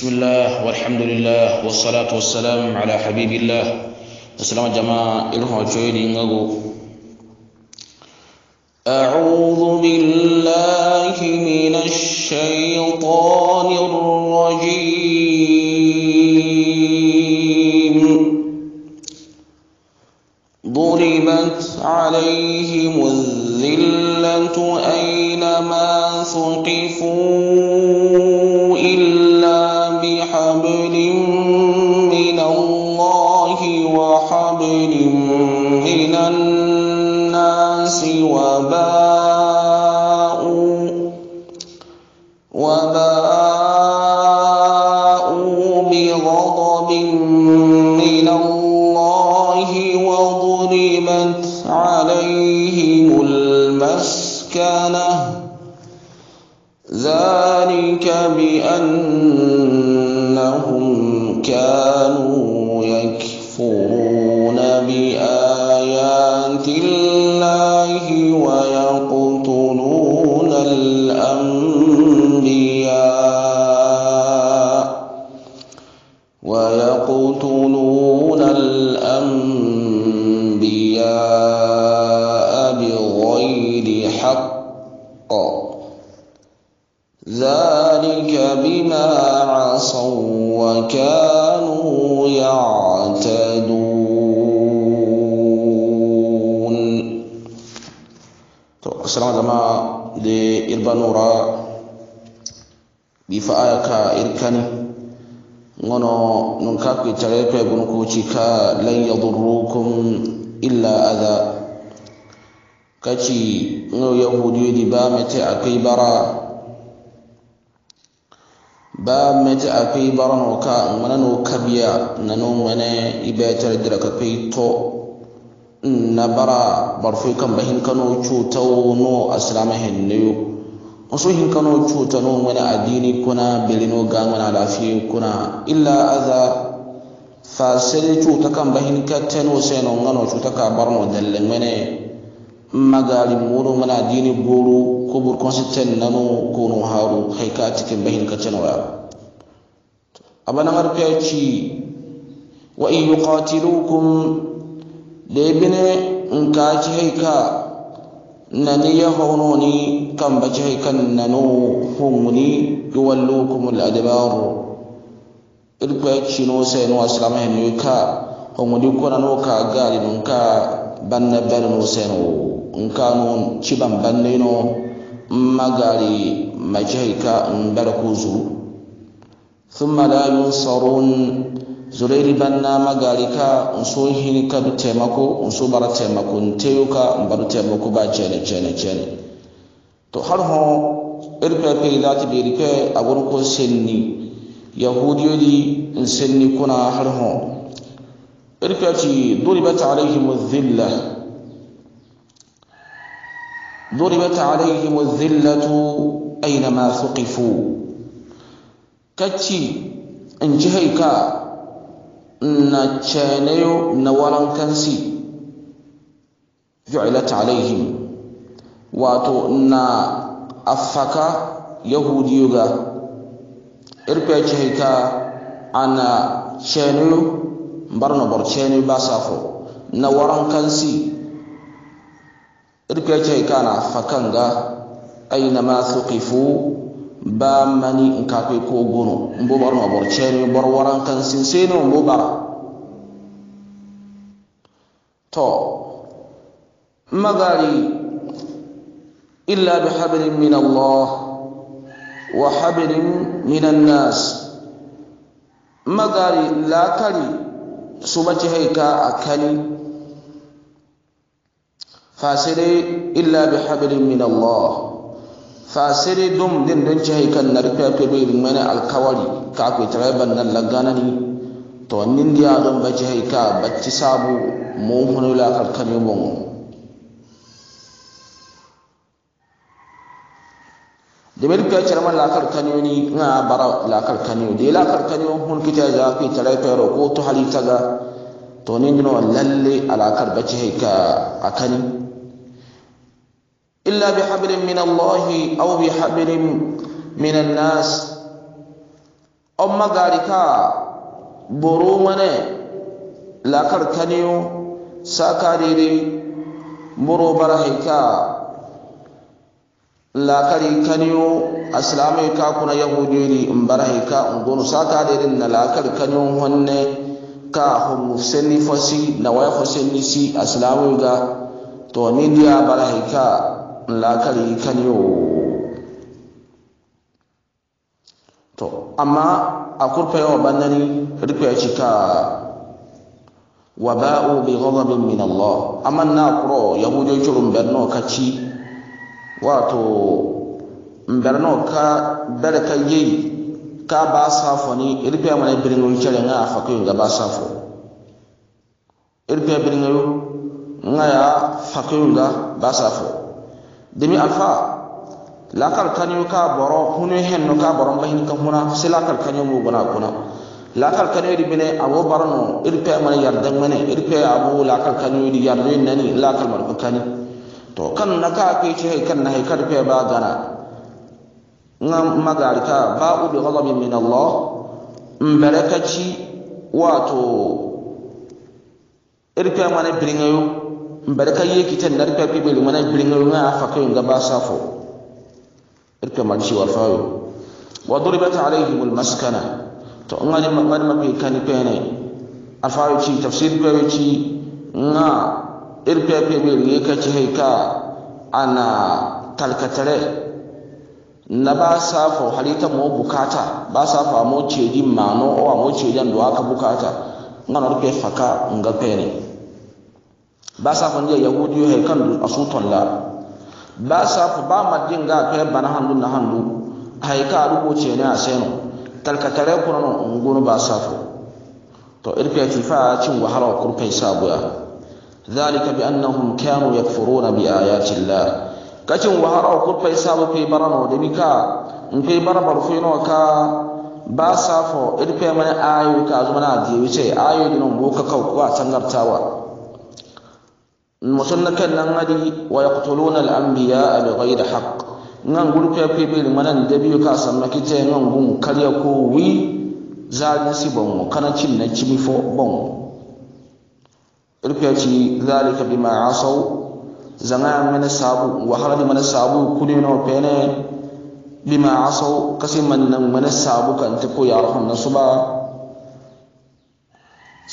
بسم الله والحمد لله والصلاة والسلام على حبيب الله السلام جماعة إرهو جويني أعوذ بالله من الشيطان الرجيم وحبل من الناس وباءوا وباء بغضب من الله وضربت عليهم المسكنة ذلك بأنهم كانوا يكفرون بآيات الله ويقتلون الأنبياء ويقتلون الأنبياء بغير حق ذلك بما عصوا وكانوا يعتدون السلام عليكم جماعة لإربانورا بفآيك إركاني ngono nun ka non kakko ittagare koye gono ci ka lan yadurukum illa adha kaci no ngo yahudiyoydi bamete akoy bara ba meti akwai baron no ka mana no kabiya na no mana ibetar dira ka kai to na bara barfu kan bahin kano cuta no aslama hinne wasu hin kano cuta no mana addini kuna bilino ga mana lafiya kuna illa aza fasiri cuta kan bahin ka tano sai no cuta ka barno dalle mana magari muru mana addini buru ko bur consistent nano ko no haru kai ka cikin bahin ka cin waya abana marka yaci wa in yuqatilukum da ibne in ka ci hai ka ni ya hono ni kan ba ci hai kan nano humuni yuwallukum al-adbar irko yaci no sai no islam hin ka homudi ko nano ka gari nun ka banna bɛn no sɛn in ka no ciban banne no magari majaika kuzu thumma la yunsarun zurairi banna magari ka so hini ka bi taimako nso bara taimako nteyo ka mbaru taimako ba cene cene cene to har ho irpepe za ta beri pe a ko senni yahudiyoyi senni kuna har ho irpepe bata alaihim dhillah ضربت عليهم الذلة أينما ثقفوا كتشي إن جهيكا نتشانيو نوالان كنسي جعلت عليهم واتو نا أفكا يهوديوغا إربي جهيكا أنا شانيو برنبر شانيو باسافو نوالان كنسي irka ce kana fakanga aina ma su kifu ba mani in ka ko gono in bo bar mabor chere bor waran kan sin sene bo bara to magari illa bi hablin min Allah wa hablin min an-nas magari la kali kari subaci haika akali fasere illa bi hablin min Allah fasere dum din don ci kan nar pepe be mana alkawari ka ku traban nan lagana ni to nin dia don ba ci ka bacci sabu mu hunu la kalkani bon de bel pe charma la kalkani ni na bara la kalkani de la kalkani hun kita ja ku tare pero ko ta halita ga to nin no lalle ala karbati ka akani إلا بحبل من الله أو بحبل من الناس أما ذلك برومنه لا كرتنيو ساكاريري برو برهيكا لا كريكنيو أسلامي كنا يهوديري برهيكا انقونو ساكاريري لا كركنيو هن كا هم سني فسي نوايا فسني سي أسلامي كا تو نيديا برهيكا laakari kaño to amma a kurpeyo bannani rikuya cika waba'u bi ghadabin min Allah amma na kuro yahudo curun berno ci wato berno ka berka yi ka ba safo ni irpe mana birnin cire nga fakoy ga ba safo irpe birnin nga ya fakoy ga ba safo demi alfa lakal kanyo ka boro hunu hen no ka boro hin ka huna sila kal kanyo mu bana kuna lakal kanyo di bine abo barano irpe man yardan mane irpe abo lakal kanyo di ne nani lakal mar ko kani to kan na ka ke che kan na haikar pe ba gana ngam k'a ba u bi ghadabin min Allah mbarakati wato irpe man bringayo barka ye kita nar ka pibe lu mana bringa lu nga fa ko nga ba safo irka mal shi wa fawo wa duribat alaihim al maskana to ngani ma ngani ma be kan pene afawo ci tafsir ko ci nga irka pibe lu ka ci hay ka ana talkatare na ba sa fa halita mo bukata ba sa fa mo cedi mano o mo cedi ndo aka bukata ngana rufe faka nga pene Ba sa basa ya gudu ya he kandu asuton la sa ko ba ma madin ga kai bana handu na handu hay ka rubo ce ne a seno talkatare ko non ba sa fo to irpe ti fa cin wahala ko kai sabuya zalika bi annahum kanu yakfuruna bi ayati llah kacin wahala ku kai sabu kai barano da mika in kai barabar fu no ka ba sa fo irpe mana ayu ka zuma na diwi ce ayu dinon boka kau ko a sangartawa musonna nan adi wa yaqtuluna al-anbiya da haƙ. ngan gulu ke pe be manan da biyu ka samma kite ngan gun kariya ko wi zalin si bon kana cin na cimi fo bon irpe ci zalika bima asaw zanga mana sabu wa harani mana sabu kuni fene. Bi bima asaw kasi man nan mana sabu kan ta ko ya rahman ba.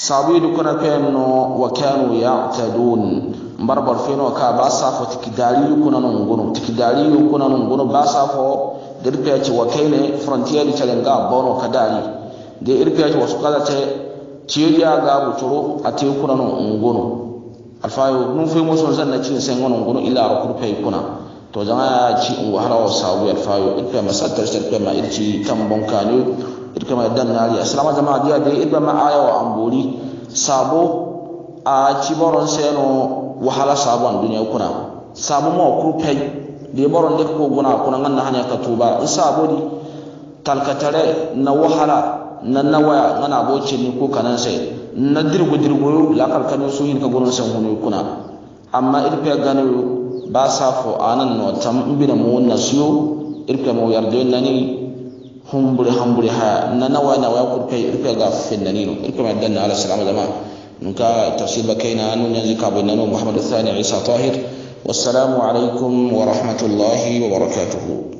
sabu du kuna penno wa kanu ya'tadun mbar barbar feno ka ba sa fo tikidali kuna non gono tikidali kuna nan gunu ba sa fo ya ci wa kaine frontier ga bono kadali irka ya ci wasu kala ce ya ga buturo a te kuna nan gunu alfayo nun fi musu zan na cin sen wannan gunu ila rakur fe kuna to jama'a ci in wahala wa sabu alfayo irka masattar shirka ma irci tambon kanu kama dan nari aslama a dia da iba ma ma'ayawa an ambori sabo a ciboron sayano wahala a duniya kuna sabo mo kurpei de boron de ko a kuna na hanyar ka tuba in sabo di talkatare na wahala na nawaya na boce ne ko kanan sai na dirgo dirgo la kalkano su hin ka gurin san hunu kuna amma irfe gani ba safo anan no tam bina mu nasiyo irpe mu na nani humbure humbure ha nana wa na wa kurpe irka ga fenna nino irka ma danna ala salamu da ma nunka tafsir kaina anu yanzu ka bin nanu muhammad thani isa tahir wassalamu alaikum wa rahmatullahi wa barakatuhu